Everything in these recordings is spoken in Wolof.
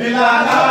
Milana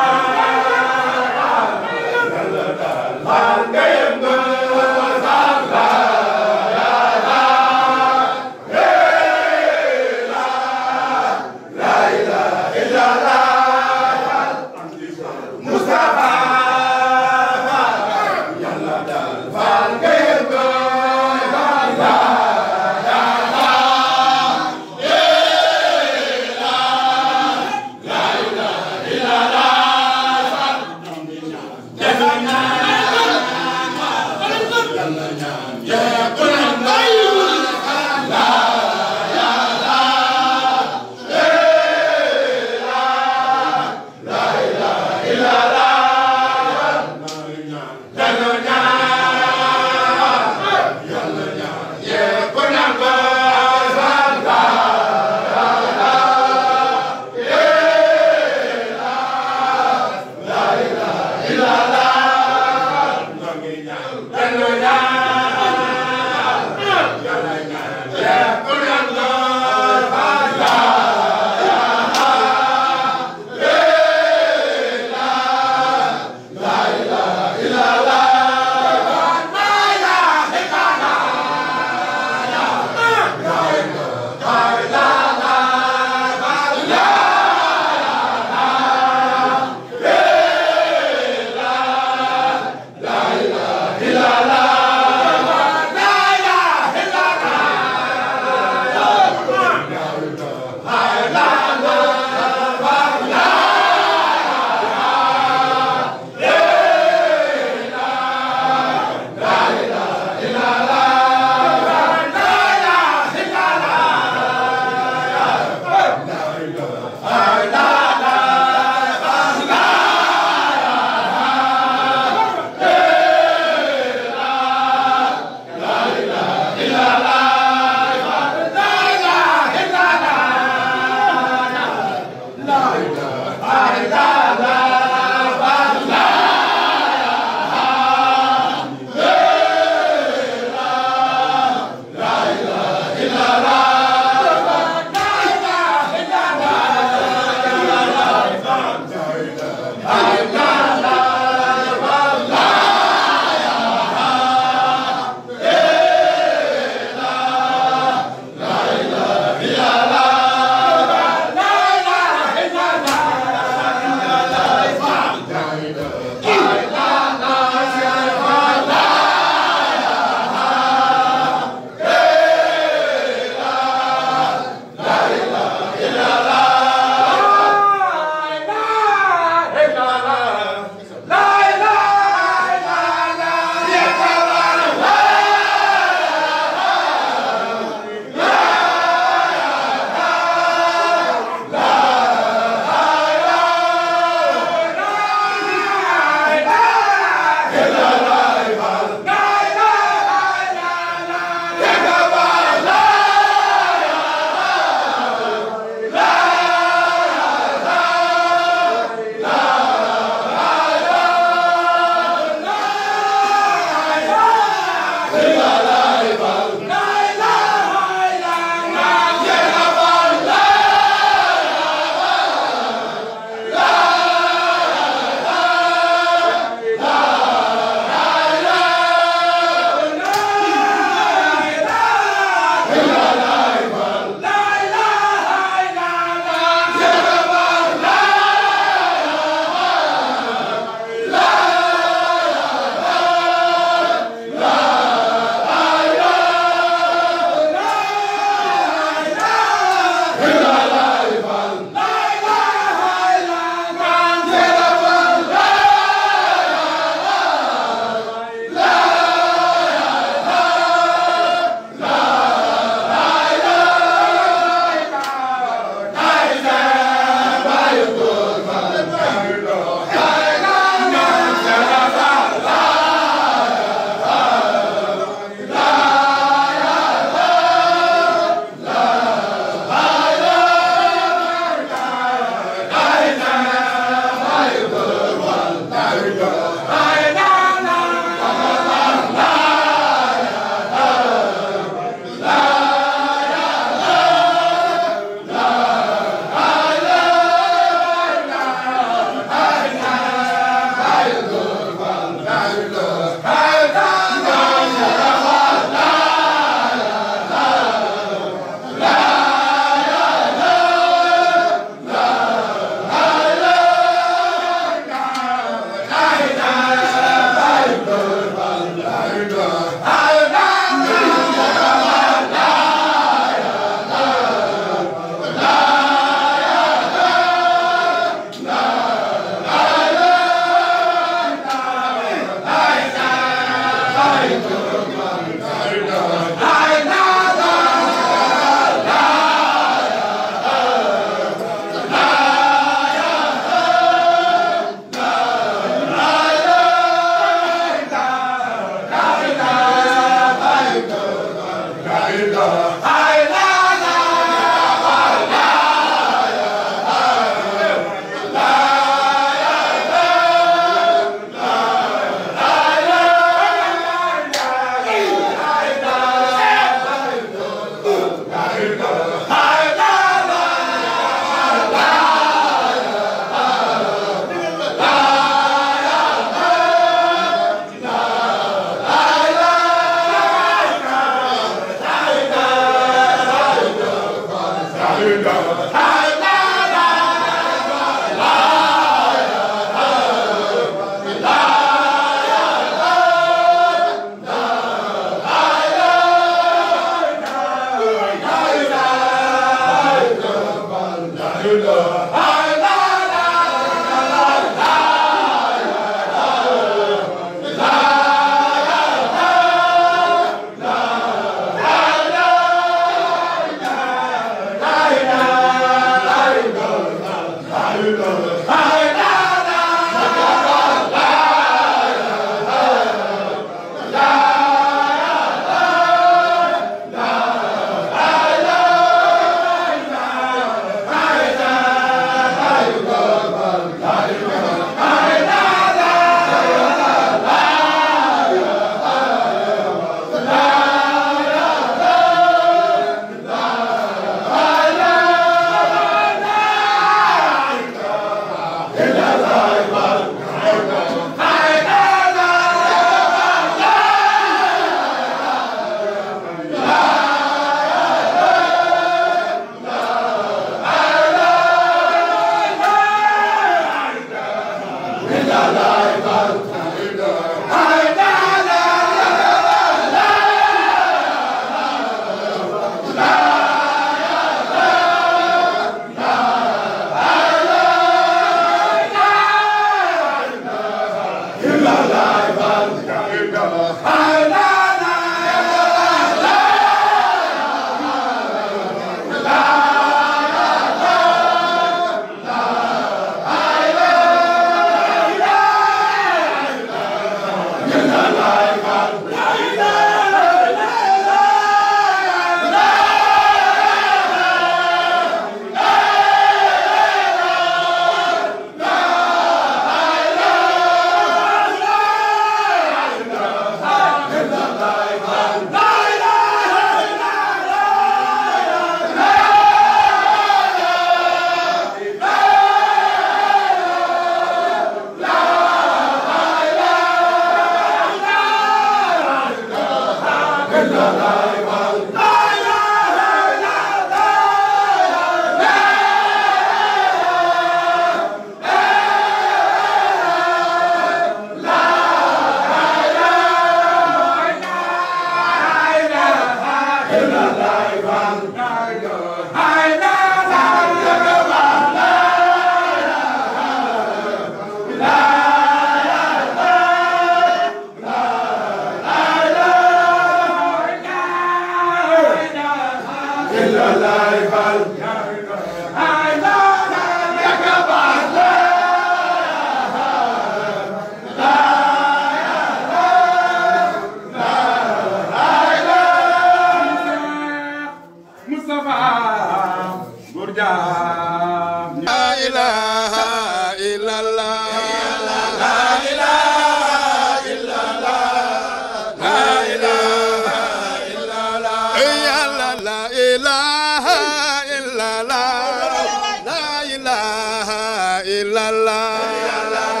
yàlla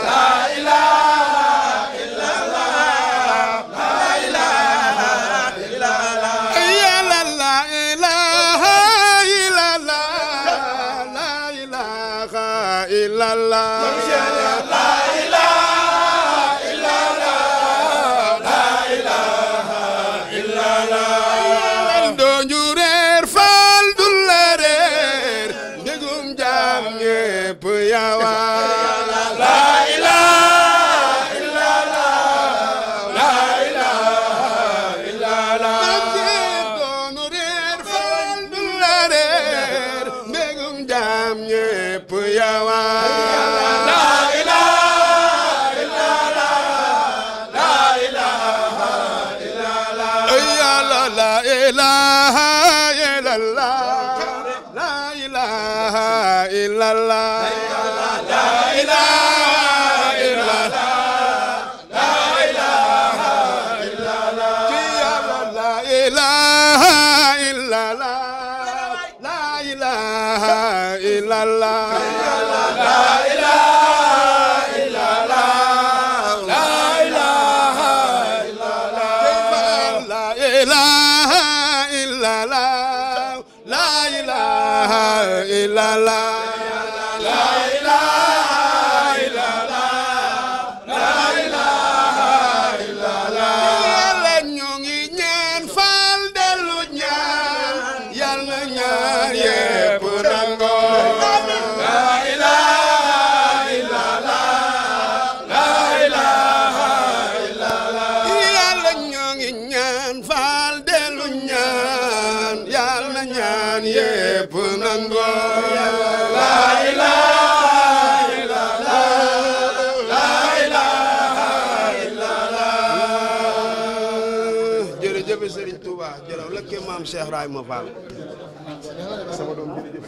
maam Cheikh Ibrahima Fall.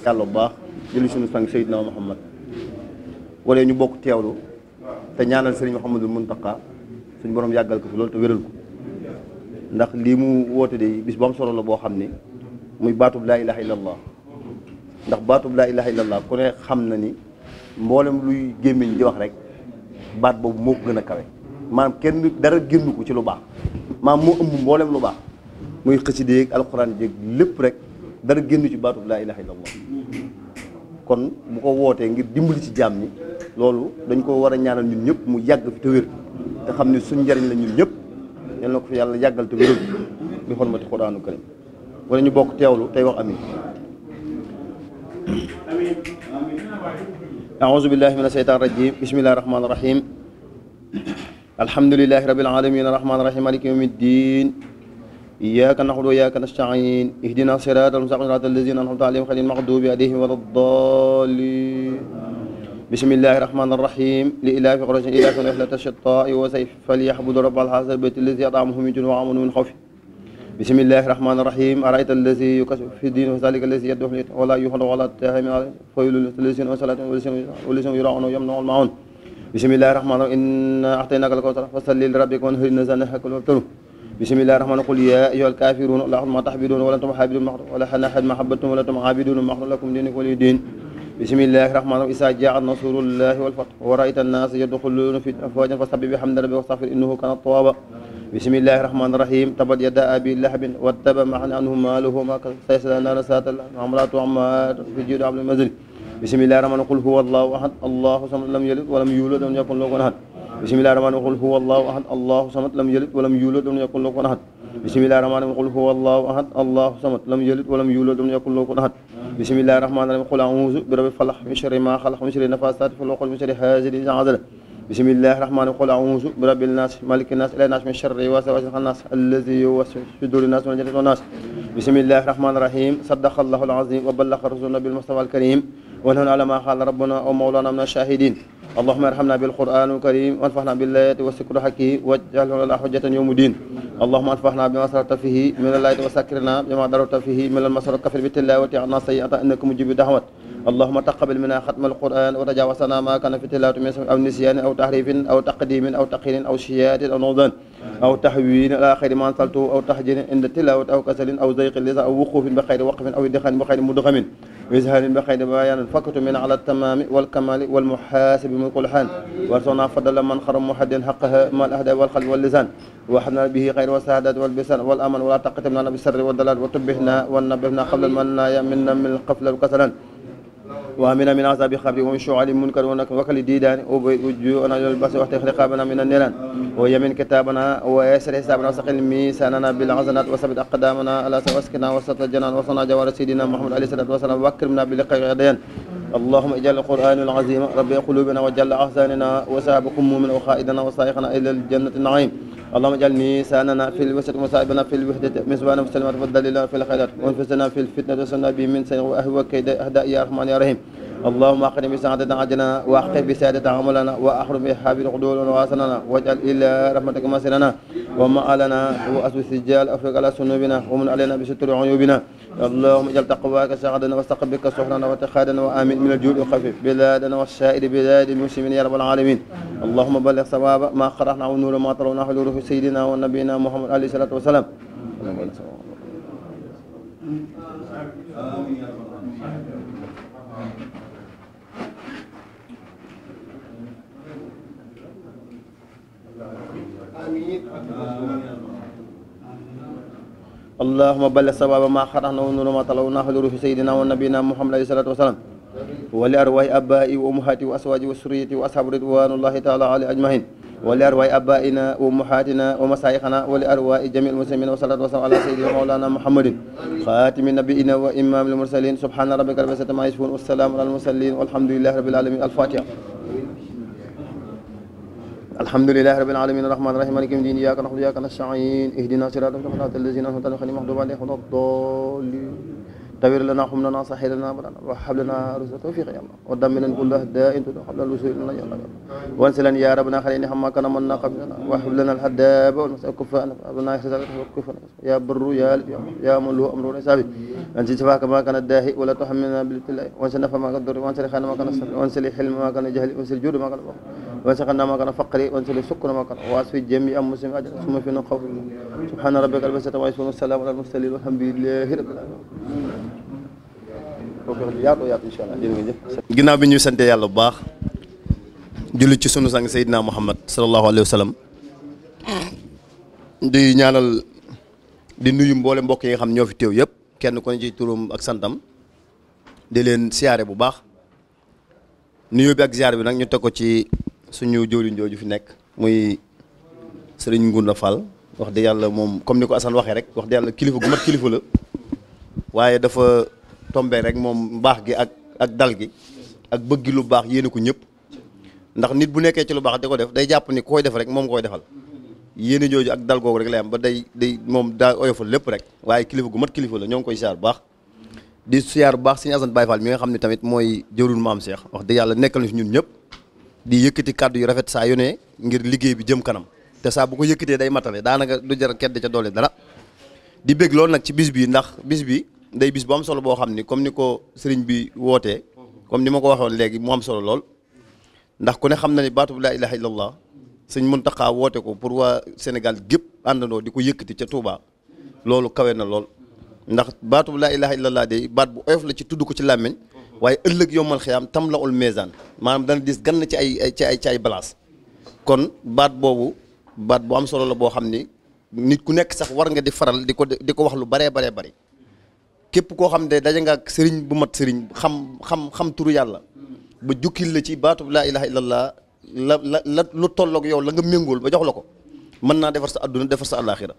yàlla bu baax jëlu suñu sang Seydina Muhammad wala ñu bokk teewlu te ñaanal Serigne Mouhamadou Mountakha suñu borom yàggal ko fi loolu te wéral ko ndax lii mu woote de bis bu am solo la boo xam ni muy baatub laa ilaha illallah ndax baatub laa ilaha illallah ku ne xam na ni mboolem luy gémmiñ di wax rek baat boobu moo gën a kawe maanaam kenn dara génn ko ci lu baax maanaam moo ëmb mboolem lu baax. muy xasida yeeg alxuraan yeeg lépp rek dara génn ci baatub laa ilaha illallah kon bu ko wootee ngir dimbali ci jaam ñi loolu dañ ko war a ñaanal ñun ñëpp mu yàgg fi te wér te xam ni suñ njariñ la ñun ñëpp yal na ko fi yàlla yàggal te wéral bi xormati xuraanu karim wala ñu bokk teewlu tey wax amin أعوذ بالله من الشيطان الرجيم بسم الله إياك نعبد وإياك نستعين اهدنا الصراط المستقيم صراط الذين أنعمت عليهم غير المغضوب عليهم ولا الضالين بسم الله الرحمن الرحيم لإلاف قريش إلاف رحلة الشتاء وسيف فليعبدوا رب هذا البيت الذي أطعمهم من جوع وآمنوا من خوف بسم الله الرحمن الرحيم أرأيت الذي يكسب في الدين وذلك الذي يدعو ولا يحض ولا تهم فويل للذين وصلاة والذين يراعون ويمنعون المعون بسم الله الرحمن الرحيم إنا أعطيناك الكوثر فصل لربك وانهر نزلناك وابتلوا bisimillahi rahmaani qul ya ayyuhal kaafiruun laaxul ma taxbiduun wala antum xaabiduun wala xanaxad ma xabatum wala antum xaabiduun maxlu lakum diinukum waliya diin bisimillahi rahmaani rahim isaa jaa nasrullahi wal fath wa raayta annaasa yadxuluuna fi afwaajan fasabbih bihamdi rabbika wastaxfir innahu kaana tawwaaba bisimillahi rahmaani rahim tabat yada abi lahabin wattaba ma xana anhu maaluhu ma sayasla naara saata amraatu ammaat fi jiidu amri mazli bisimillahi rahmaani qul huwa allahu ahad allahu samad lam yalid walam yuulad walam yakun lahu kufuwan ahad bismillahi rahmaani waxul huwa allahu ahad allahu samad lam yalid walam yulad walam yakun lahu ahad bismillahi rahmaani waxul huwa allahu ahad allahu samad lam yalid walam yulad walam yakun lahu ahad bismillahi rahmaani rahim qul a'uuzu bi rabbil falaq min sharri ma xalaq min sharri nafaasaati fil uqad min sharri haasidin idhaa hasad bismillahi rahmaani qul a'uuzu bi rabbin naas malikin naas ilaahin naas min sharri waaswaasi xannaas allazii yuwaswisu fii suduuri naas min aljannati wannaas bismillahi rahmaani rahim sadaqa allahu al-aziim wa ballaqa rasuuluhu nabiyyil mustafaa al-kariim wa nahnu alaa maa qaala rabbunaa wa mawlaanaa mina ash-shaahidiin اللهم ارحمنا بالقرآن الكريم وانفعنا بالآيات والذكر الحكيم واجعله لنا حجة يوم الدين اللهم انفعنا بما سررت فيه من الآيات وسكرنا بما ضررت فيه من المسر كفر بالتلاوة عنا سيئة إنك مجيب دعوات اللهم تقبل منا ختم القرآن وتجاوزنا ما كان في تلاوة من أو نسيان أو تحريف أو تقديم أو تقرير أو شيات أو نوضان أو تحويل إلى خير ما أنزلته أو تحجير عند التلاوة أو كسل أو زيق اللسان أو وقوف بخير وقف أو إدخال بخير مدغم وإزهار بخير بيان فكت من على التمام والكمال والمحاسب من كل حال وارزقنا فضل من خرم محد حقها مع الأهدى والخلب واللسان وحنا به خير والسعادة والبسر والأمن ولا تقتمنا بالسر والضلال وتبهنا ونبهنا قبل المنايا منا من القفل والكسلان وامنا من عذاب القبر ومن شعر المنكر وكل ديدان وجوهنا الى البصر واحتق رقابنا من النيران ويمن كتابنا ويسر حسابنا وسقل ميساننا بالحسنات وثبت اقدامنا على واسكنا وسط الجنان وصنع جوار سيدنا محمد عليه الصلاه والسلام وكرمنا بلقاء غديان اللهم اجعل القران العظيم ربي قلوبنا وجل احزاننا وساب همومنا وخائدنا وصائقنا الى الجنه النعيم اللهم اجعل ميساننا في الوسط ومصائبنا في الوحدة مصبانا وسلمة ودللنا في الخيرات وانفسنا في الفتنة وسنا به من سنة وأهوى كيد أهداء يا رحمن يا رحيم اللهم اقرم بسعادتنا عجلنا واختم بسعادة عملنا واحرم بحبيب قدولنا واسننا واجعل الى رحمتك مسيرنا ومآلنا واسوي سجال افرق على سنوبنا ومن علينا بستر عيوبنا اللهم اجعل تقواك سعادنا واستقم بك سحرنا واتخاذنا وامن من الجود والخفيف بلادنا والسائر بلاد المسلمين يا رب العالمين اللهم بلغ صواب ما قرأنا ونور ما ترونه حلوله سيدنا ونبينا محمد عليه الصلاه والسلام آمين اللهم بلغ ثواب ما خرجنا ونور ما طلعنا حضور في سيدنا ونبينا محمد عليه الصلاة والسلام ولأرواح آبائي وأمهاتي وأزواجي وسريتي وأصحاب رضوان الله تعالى عليه أجمعين ولأرواح آبائنا وأمهاتنا ومشايخنا ولأرواح جميع المسلمين والصلاة والسلام على سيدنا مولانا محمد خاتم نبينا وإمام المرسلين سبحان ربك رب العزة عما يصفون والسلام على المرسلين والحمد لله رب العالمين الفاتحة alhamdulillahi rabbil alamin arrahman arrahim maaliki yawmi din iyyaka na'budu wa iyyaka nasta'in ihdina siratal mustaqim siratal ladzina an'amta alaihim ghayril maghdubi alaihim waladdallin tawir lana humlana sahhil lana amrana wa hab lana rusda tawfiq ya allah wa dammir lana kulla da'in tudu qabla al-wusul lana ya allah wa ansilana ya rabbana khalina hamma kana manna qablana wa hab lana al-hadaba wal mas'a kufana rabbana ihzana wa kufana ya barru ya alif ya mulu amru rasabi ansi sifaka ma kana dahi wa la tuhammilna bil tilai wa ansilna fama kana durri wa ansilna khana ma kana sabri wa ansilna hilma ma kana jahli wa ansilna judu ma kana وسقنا ما كان فقري وانزل سكر ما كان واسفي جميع مسلم اجل ثم فينا خوف سبحان ربك رب العزه عما يصفون والسلام على ginnaaw bi ñuy sante yàlla bu baax julli ci sunu sang Seydina Muhammad sallallahu alayhi wa di ñaanal di nuyu mboole mbokk yi nga xam ñoo fi teew yëpp kenn ko ne ci turam ak santam di leen siyaare bu baax nuyu bi ak siyaare bi nag ñu teg ko ci suñu jëwriñ jooju fi nekk muy sëriñ Ngounda Fall wax dëgg yàlla moom comme ni ko Assane waxee rek wax dëgg yàlla kilifa gu mat kilifa la waaye dafa tombé rek moom mbaax gi ak ak dal gi ak bëgg lu baax yéene ko ñëpp ndax nit bu nekkee ci lu baax di ko def day jàpp ni koy def rek moom koy defal yéene jooju ak dal googu rek lay am ba day day moom daa oyofal lépp rek waaye kilifa gu kilifa la ñoo ngi koy siyaar baax di siyaar bu baax suñu Assane Baye Fall mi nga xam ne tamit mooy jëwriñ Maam Cheikh wax dëgg yàlla nekkal na fi ñun ñëpp di yëkkati kàddu yu rafet saa yu ne ngir liggéey bi jëm kanam te saa bu ko yëkkatee day matale daanaka du jar kedd ca doole dara di bég loolu nag ci bis bi ndax bis bi day bis bu am solo boo xam ni comme ni ko sëriñ bi wootee comme ni ma ko waxoon léegi mu am solo lool ndax ku ne xam na ni baatu laa ilaha mun sëñ Muntaxa woote ko pour waa Sénégal gépp àndandoo di ko yëkkati ca Touba loolu kawe na lool ndax baatu laa ilaha illallah day baat bu oyof la ci tudd ko ci làmmiñ waaye ëllëg yombal xiyaam tam la ol meezaan maanaam dana dis gan na ci ay ci ay ci ay balance kon baat boobu baat bu am solo la boo xam ni nit ku nekk sax war nga di faral di ko di ko wax lu baree baree bari képp koo xam ne daje nga ak sëriñ bu mat sëriñ xam xam xam turu yàlla ba jukkil la ci baatub laa ilaha illallah la la la lu tolloog yow la nga méngool ba jox la ko mën naa defar sa àdduna defar sa àllaaxira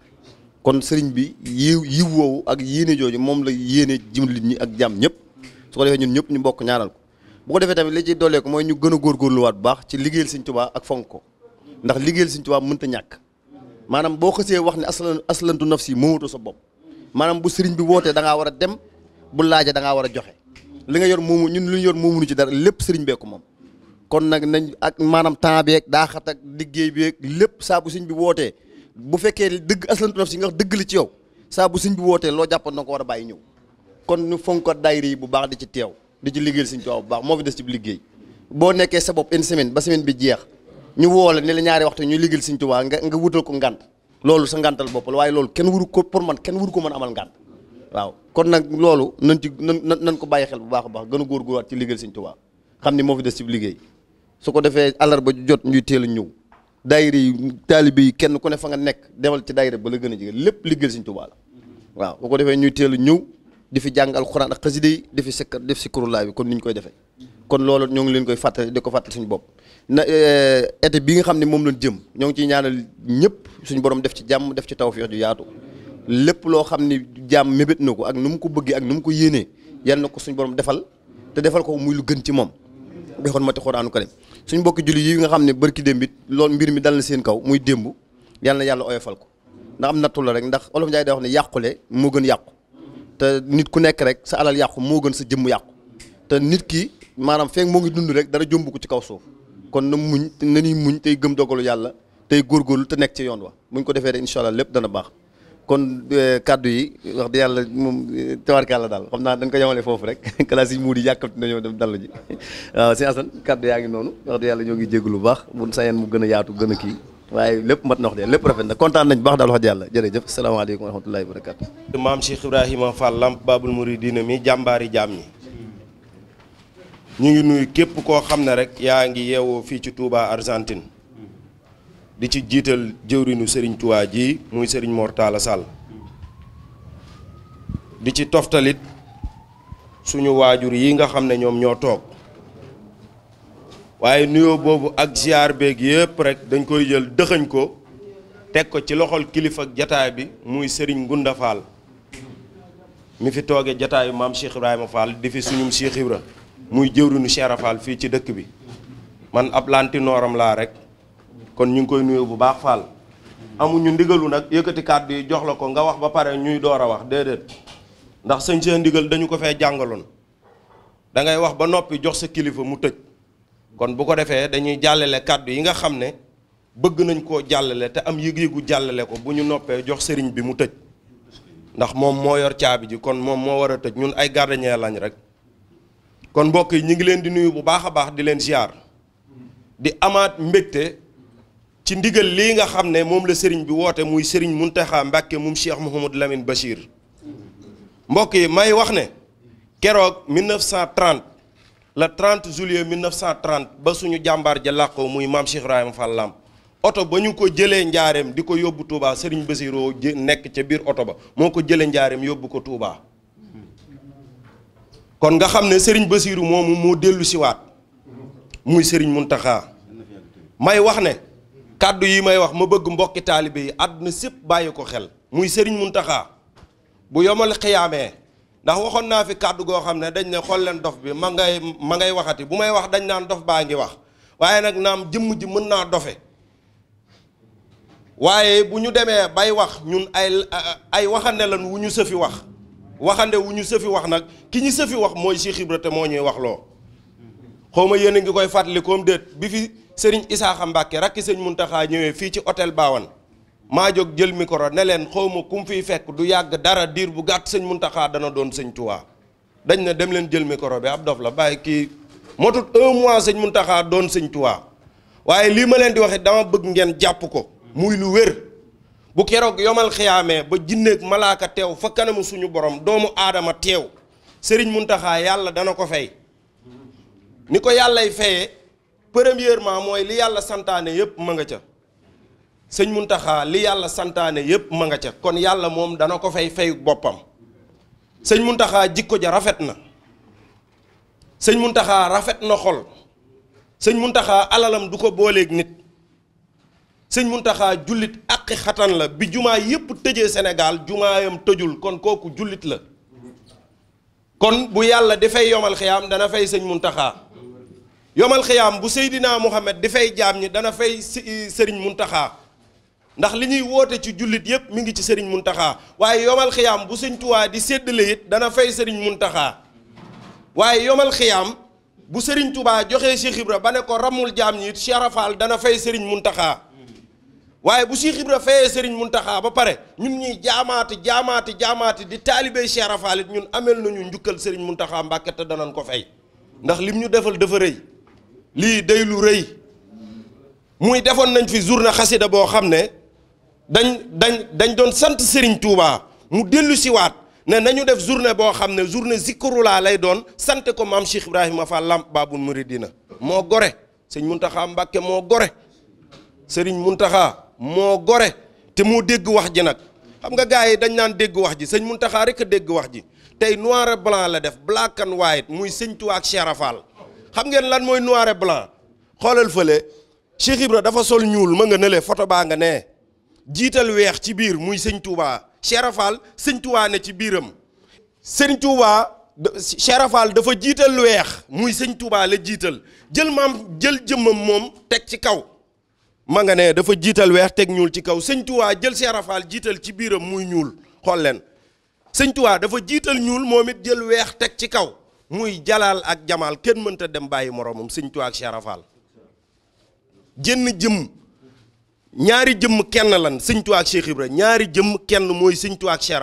kon sëriñ bi yiw yiw woowu ak yéene jooju moom la yéene jimlit ñi ak jàmm ñëpp su ko defee ñun ñëpp ñu mbokk ñaanal ko bu ko defee tamit li ci doolee ko mooy ñu gën a góorgóorluwaat bu baax ci liggéeyal Sëñ Tuubaa ak fonk ko ndax liggéeyal Sëñ Tuubaa mënta ñàkk maanaam boo xësee wax ne aslan aslantu nafsi moomatoo sa bopp maanaam bu sëriñ bi wootee da war a dem bu laajee danga ngaa war a joxe li nga yor moomu ñun lu ñu yor moomuñu ci dara lépp sëriñ beeku moom kon nag nañ ak maanaam temps beeg daaxat ak liggéey beeg lépp saa bu sëriñ bi wootee bu fekkee dëgg aslantu nafsi nga wax dëgg ci yow saa bu bi wootee loo jàppoon na ko war a bàyyi ñëw kon ñu fonkat daayira yi bu baax di ci teew di ci liggéey Sëñ Tuubaa bu baax moo fi des ci liggéey boo nekkee sa bopp une semaine ba semaine bi jeex ñu woo la ne la ñaari waxtu ñu liggéeyal Sëñ Tuubaa nga nga wutal ko ngànt loolu sa ngàntal bopp la waaye loolu kenn wuru ko pour man kenn wuru ko mën amal ngànt waaw kon nag loolu nañ ci nan nañ ko bàyyi xel bu baax a baax gën a góorgóorwaat ci liggéeyal Sëñ Tuubaa xam ni moo fi des ci liggéey su ko defee ba jot ñuy teel a ñëw daayira yi taalibe yi kenn ku ne fa nga nekk demal ci daayira ba la gën a jege lépp liggéey Sëñ Tuubaa la waaw su ko defee ñuy teel a ñëw di fi jàng alxuraan ak xasida yi di fi sikkar def bi kon ni ñu koy defee kon loolu ñoo ngi koy fàttali di ko fàttali suñu bopp na eh, été bi nga xam ne moom lañ jëm ñoo ngi ciy ñaanal ñëpp suñu borom def ci jàmm def ci taw tawfeex ju yaatu lépp loo xam ne jàmm mébét na ko ak nu mu ko bëggee ak nu mu ko yéenee yal na ko suñu borom defal te defal ko muy lu gën ci moom bi xoon mati xuraanu karim suñ mbokki julli yi nga xam ne barki démb it loolu mbir mi dal na seen kaw muy démb yal yàlla oyofal ko ndax am nattu la rek ndax olof Njaay day wax ne yàqule moo gën yàqu te nit ku nekk rek sa alal yàqu moo gën sa jëmm yàqu te nit ki maanaam feek moo ngi dund rek dara jomb ko ci kaw suuf kon na muñ na ñuy muñ tey gëm dogalu yàlla tey góorgóorlu te nekk ci yoon wa muñ ko defee rek incha lépp dana baax kon euh, kàddu yi wax di yàlla moom euh, tabarkàlla daal xam naa dañ ko yemale foofu rek classe yi di yàkkamti nañoo dem dallu ji waaw si Assane kàddu yaa ngi noonu wax di yàlla ñoo ngi jégalu lu baax mun sañeen mu gën a yaatu gën a kii waaye lépp mat na wax de lépp rafet na kontaan nañ baax daal wax yàlla jërëjëf salaamaaleykum wa rahmatullahi wa barakaatu maam Cheikh Ibrahima Fall Lamp Babul Mouridina mi jàmbaari jaam ñi ñu ngi nuyu képp koo xam ne rek yaa ngi yeewoo fii ci Touba Argentine di ci jiital jëwriñu sëriñ tuwaa ji muy Serigne Mortala Sall di ci toftalit suñu waajur yi nga xam ne ñoom ñoo toog waaye nuyoo boobu ak ziar beeg yëpp rek dañ koy jël dëxëñ ko teg ko ci loxol kilifa ak jataay bi muy Serigne Gunda Fall mi fi tooge jataayu maam Cheikh Ibrahima Fall di fi suñum Cheikh Ibra muy jëwriñu Cheikh Fall fii ci dëkk bi man ab lanti laa rek kon ñu ngi koy nuyoo bu baax Fall amuñu ndigalu nag yëkkati bi jox la ko nga wax ba pare ñuy door a wax déedéet ndax sëñ seen ndigal dañu ko fee jàngaloon dangay wax ba noppi jox sa kilifa mu tëj kon bu ko defee dañuy jàllale kàddu yi nga xam ne bëgg nañ koo jàllale te am yëg-yëgu jàllale ko bu ñu noppee jox sëriñ bi mu tëj ndax moom moo yor caabi ji kon moom moo war a tëj ñun ay gardien lañ rek kon mbokk yi ñu ngi leen di nuyu bu baax a baax di leen ziar di amaat mbëgte ci ndigal lii nga xam ne moom la sëriñ bi woote muy sëriñ Muntaxa Mbàkke moom Cheikh Mouhamadou Lamine Bachir mbokk yi may wax ne keroog 1930 la 30 juillet 1930 ba suñu jàmbaar ja làqoo muy maam Cheikh Ibrahima Fall Lamp oto ba ñu ko jëlee njaareem di ko yóbbu Touba Serigne Bassirou nekk ca biir oto ba moo ko jëlee njaareem yóbbu ko Touba kon nga xam ne Serigne Bassirou moomu moo dellu siwaat muy sëriñ Mountakha may wax ne kàddu yi may wax ma bëgg mbokki taalibe yi àdduna sépp bàyyi ko xel muy Serigne Mountakha bu yomal xiyaamee ndax waxoon naa fi kàddu goo xam ne dañ ne xool leen dof bi ma ngay ma ngay waxati bu may wax dañ naan dof baa ngi wax waaye nag naam jëmm ji mën naa dofe waaye bu ñu demee bay wax ñun ay ay waxande lan wu ñu sëfi wax waxande wu ñu sëfi wax nag ki ñu sëfi wax mooy Cheikh Ibra te moo ñuy wax loo xaw ma yéen a ngi koy fàttali comme déet bi fi sëriñ Isaaxa Mbàkke rakki sëñ Muntaxa ñëwee fii ci otel Bawane maa jóg jël micro ne leen xaw ma ku fiy fekk du yàgg dara diir bu gàtt sëñ Muntaxa dana doon sëñ Tuubaa dañ ne dem leen jël micro bi ab dof la bàyyi kii motut un mois sëñ Muntaxa doon sëñ Tuubaa waaye lii ma leen di waxee dama bëgg ngeen jàpp ko muy lu wér bu keroog yomal xiyaamee ba jinneeg malaaka teew fa kanamu suñu borom doomu aadama teew sëriñ Muntaxa yàlla dana ko fay ni ko yàllay fayee premièrement mooy li yàlla santaane yépp ma nga ca sëñ Muntaxa li yàlla santaane yépp ma nga ca kon yàlla moom dana ko fay fayu boppam sëñ Muntaxa jikko ja rafet na sëñ taxaa rafet na xol sëñ mun taxaa alalam du ko booleeg nit sëñ Muntaxa jullit àqi xatan la bi jumaa yépp tëjee senegal jumaayam tëjul kon kooku jullit la kon bu yàlla di fay yomal xiyaam dana fay sëñ mun Muntaxa yomal xiyaam bu Seydina Muhammad di fay jaam ñi dana fay sëriñ taxaa ndax li ñuy woote ci jullit yépp mu ngi ci sëriñ Muntaxa waaye yomal xiyaam bu sëñ di séddale it dana fay sëriñ Muntaxa waaye yomal bu sëriñ Tuubaa joxee Cheikh Ibra ba ne ko ramul jaam ñi it dana fay sëriñ Muntaxa waaye bu Cheikh Ibra fayee sëriñ Muntaxa ba pare ñun ñuy jaamaati jaamaati jaamaati di taalibey Cheikh Rafal ñun amel nañu njukkal sëriñ Muntaxa Mbàkke te danañ ko fay ndax lim ñu defal dafa rëy lii day lu rëy muy defoon nañ fi journée xasida boo xam ne dañ dañ dañ doon sant Serigne Touba mu dellu siwaat waat ne nañu def journée boo xam ne journée zikrullah lay doon sante ko maam Cheikh Ibrahima Fall Lamp Baabul dina moo gore sëñ Muntaxa Mbàkke moo gore Serigne Muntaxa moo gore te moo dégg wax ji nag xam nga gars yi dañ naan dégg wax ji sëñ Muntaxa rek a dégg wax ji tey noir et blanc la def black and white muy sëñ Touba ak Cheikh xam ngeen lan mooy noir et blanc xoolal fële Cheikh Ibra dafa sol ñuul ma nga nële photo baa nga nee. jiital weex ci biir muy sëñ Touba Cheikh Fall sëñ Touba ne ci biiram sëñ Touba Cheikh dafa jiital weex muy sëñ Touba la jiital jël maam jël jëmmam moom teg ci kaw ma nga dafa jiital weex teg ñuul ci kaw sëñ jël Cheikh jiital ci biiram muy ñuul xool leen sëñ Touba dafa jiital ñuul moomit jël weex teg ci kaw muy jalaal ak jamaal kenn mënta dem bàyyi moroomam sëñ Touba ak Cheikh jëm ñaari jëmm kenn lan sëñ Tuubaa ak Cheikh Ibra ñaari jëmm kenn mooy sëñ Tuubaa ak Cheikh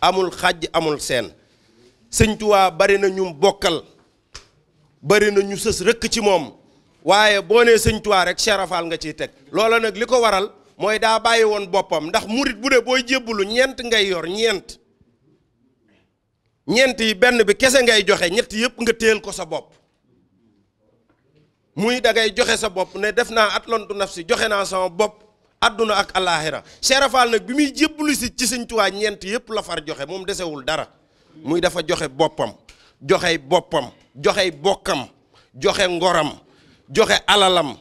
amul xàjj amul seen sëñtuwaa Tuubaa bari na ñu bokkal bari na ñu sës rëkk ci moom waaye boo nee sëñtuwaa rek Cheikh Rafal nga ciy teg loola nag li ko waral mooy daa bàyyi woon boppam ndax murit bu dee booy jébbalu ñeent ngay yor ñeent ñeenti benn bi kese ngay joxe ñett yëpp nga téel ko sa bopp muy dangay joxe sa bopp ne def naa atlantu nafsi joxe naa sama bopp àdduna ak alaaxira seerafaal nag bi muy jébbalu si ci sëñ Tuubaa ñeent yépp la far joxe moom desewul dara muy dafa joxe boppam joxe boppam joxe bokkam joxe ngoram joxe alalam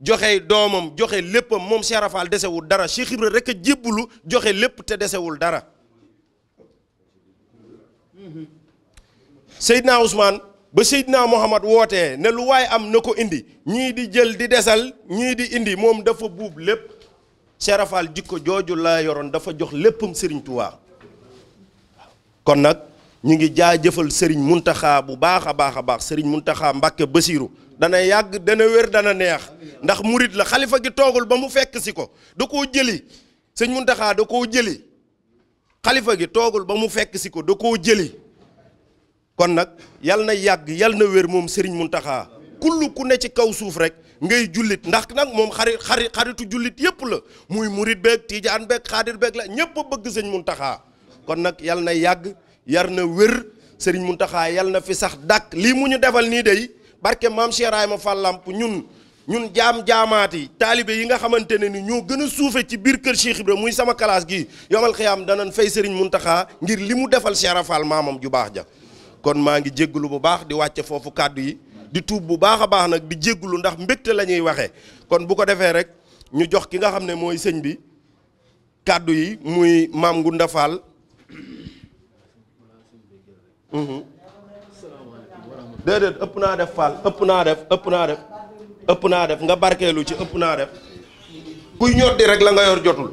joxe doomam joxe léppam moom seerafaal desewul dara Cheikh Ibra rek a joxe lépp te desewul dara Seydina ba Seydina Muhammad wootee ne lu waay am na ko indi ñii di jël di desal ñii di indi moom dafa buub lépp serafal jikko jooju laa yoroon dafa jox léppam sëriñ Touba kon nag ñu ngi jaajëfal sëriñ Mountakha bu baax a baax a baax Serigne Mountakha Mbacké Bassirou dana yàgg dana wér dana neex ndax murit la xalifa gi toogul ba mu fekk si ko da koo jëli sëñ Mountakha da koo jëli xalifa gi toogul ba mu fekk si ko da koo jëli kon nag yal na yàgg yal na wér moom Serigne Mountakha kull ku ne ci kaw suuf rek ngay jullit ndax nag moom xarit xarit xaritu jullit yépp la muy murit beeg tiijaan beeg xaadir beeg la ñépp a bëgg sëñ taxaa kon nag yal na yàgg yar na wér mun taxaa yal na fi sax dàkk lii mu ñu defal nii day barke maam Cheikh ma Fall Lamp ñun ñun jaam jaamaati taalibe yi nga xamante ne ni ñoo gën a suufe ci biir kër Cheikh Ibra muy sama classe gi yomal xiyaam danañ fay Serigne Mountakha ngir li mu defal Cheikh Fall ju baax ja kon maa ngi jégglu bu baax di wàcce foofu kàddu yi di tuub bu baax a baax nag di jégglu ndax mbégte la ñuy waxee kon bu ko defee rek ñu jox ki nga xam ne mooy sëñ bi kàddu yi muy maam Ngunda Fall mhm. déedéet ëpp naa def Fall ëpp naa def ëpp naa def ëpp naa def nga barkeelu ci ëpp naa def kuy ñoddi rek la nga yor jotul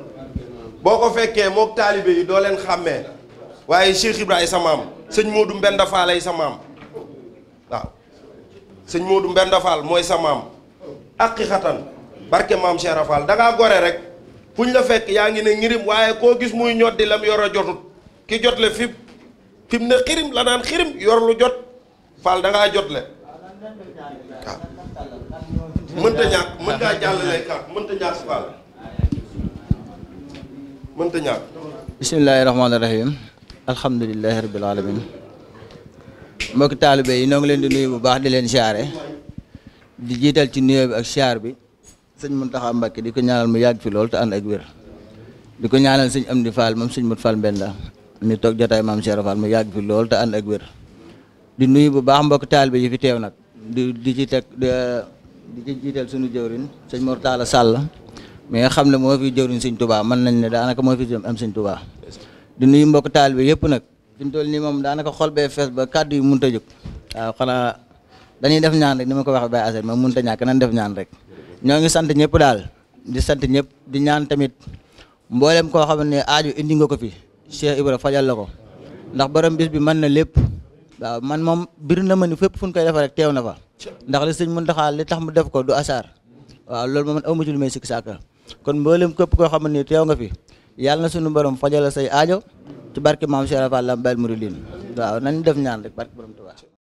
boo ko fekkee mook taalibe yi doo leen xàmmee waaye Cheikh Ibrahima sa maam sëñ Moodu Mbenda Fall ay sa maam waaw sëñ Moodu Mbenda Fall mooy sa maam ak xatan barke maam Cheikh Fall da ngaa gore rek fu la fekk yaa ngi ne ngirim waaye koo gis muy ñot di lam yor a jotut ki jotle fi fi mu ne xirim la naan xirim yor lu jot Fall da jot jotle waaw mënta ñàkk mën ngaa jàllale kat mënta ñàkk bismillaahi rahmaani rahim alhamdulilahi rabbil alamin mbokki taalibe yi noo leen di nuyu bu baax di leen siyaare di jiital ci nuyoo bi ak siyaar bi sëñ Muntaxa Mbàkke di ko ñaanal mu yàgg fi lool te wér di ko ñaanal sëñ Amdi Fall moom sëñ Mut Fall Mbenda mi toog jotaay maam Cheikh mu yàgg fi lool te ànd ak wér di nuyu bu baax mbokki taalibe yi fi teew nag di di ci teg di ci jiital suñu jëwrin sëñ Mortala Sall mi nga xam ne moo fi jëwrin sëñ Touba mën nañ ne daanaka moo fi am sëñ Touba di nuyu taal taalibe yëpp nag fi mu toll moom daanaka xol bee fees ba kàddu yi mënut a jóg waaw xanaa dañuy def ñaan rek ni ma ko waxee Baye Assane ma mënut ñàkk nan def ñaan rek ñoo ngi sant ñëpp daal di sant ñëpp di ñaan tamit mboolem koo xam ne aaju indi nga ko fi Cheikh Ibra fajal la ko ndax borom bis bi mën na lépp waaw man moom bir na ma ni fépp fu ñu koy defee rek teew na fa ndax li sëñ xaal li tax mu def ko du asaar waaw loolu moom amu ci lu may sikk sàkk kon mboolem képp koo xam ne teew nga fi yàlla na sunu borom fajala say aajo ci barke maam Cheikh Fall Lambaye Mourideen waaw nañ def ñaan rek barke borom Tuubaa